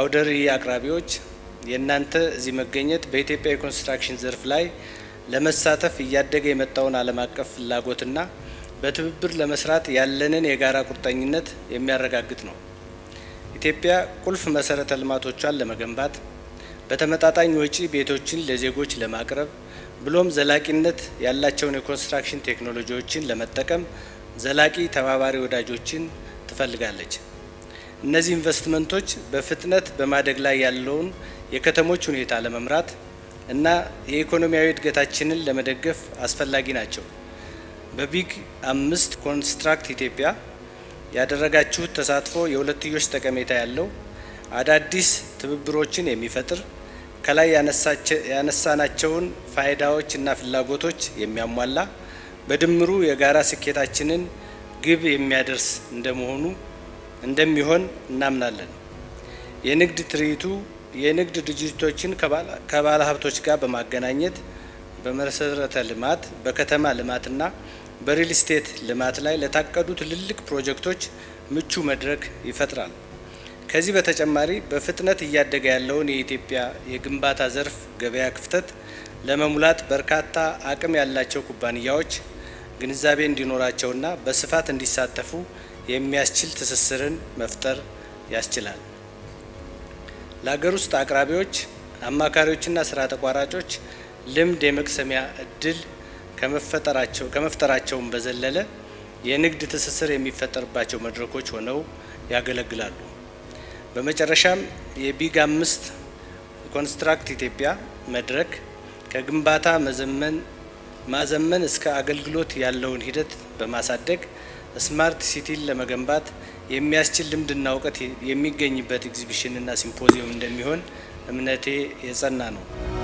አውደሪ አቅራቢዎች፣ የእናንተ እዚህ መገኘት በኢትዮጵያ የኮንስትራክሽን ዘርፍ ላይ ለመሳተፍ እያደገ የመጣውን ዓለም አቀፍ ፍላጎትና በትብብር ለመስራት ያለንን የጋራ ቁርጠኝነት የሚያረጋግጥ ነው። ኢትዮጵያ ቁልፍ መሰረተ ልማቶቿን ለመገንባት በተመጣጣኝ ወጪ ቤቶችን ለዜጎች ለማቅረብ ብሎም ዘላቂነት ያላቸውን የኮንስትራክሽን ቴክኖሎጂዎችን ለመጠቀም ዘላቂ ተባባሪ ወዳጆችን ትፈልጋለች። እነዚህ ኢንቨስትመንቶች በፍጥነት በማደግ ላይ ያለውን የከተሞች ሁኔታ ለመምራት እና የኢኮኖሚያዊ እድገታችንን ለመደገፍ አስፈላጊ ናቸው። በቢግ አምስት ኮንስትራክት ኢትዮጵያ ያደረጋችሁት ተሳትፎ የሁለትዮሽ ጠቀሜታ ያለው አዳዲስ ትብብሮችን የሚፈጥር ከላይ ያነሳናቸውን ፋይዳዎች እና ፍላጎቶች የሚያሟላ በድምሩ የጋራ ስኬታችንን ግብ የሚያደርስ እንደመሆኑ እንደሚሆን እናምናለን። የንግድ ትርኢቱ የንግድ ድርጅቶችን ከባለ ሀብቶች ጋር በማገናኘት በመሰረተ ልማት፣ በከተማ ልማትና በሪል ስቴት ልማት ላይ ለታቀዱ ትልልቅ ፕሮጀክቶች ምቹ መድረክ ይፈጥራል። ከዚህ በተጨማሪ በፍጥነት እያደገ ያለውን የኢትዮጵያ የግንባታ ዘርፍ ገበያ ክፍተት ለመሙላት በርካታ አቅም ያላቸው ኩባንያዎች ግንዛቤ እንዲኖራቸውና በስፋት እንዲሳተፉ የሚያስችል ትስስርን መፍጠር ያስችላል። ለሀገር ውስጥ አቅራቢዎች፣ አማካሪዎችና ስራ ተቋራጮች ልምድ የመቅሰሚያ እድል ከመፍጠራቸውን በዘለለ የንግድ ትስስር የሚፈጠርባቸው መድረኮች ሆነው ያገለግላሉ። በመጨረሻም የቢግ አምስት ኮንስትራክት ኢትዮጵያ መድረክ ከግንባታ ማዘመን እስከ አገልግሎት ያለውን ሂደት በማሳደግ ስማርት ሲቲን ለመገንባት የሚያስችል ልምድና እውቀት የሚገኝበት ኤግዚቢሽንና ሲምፖዚየም እንደሚሆን እምነቴ የጸና ነው።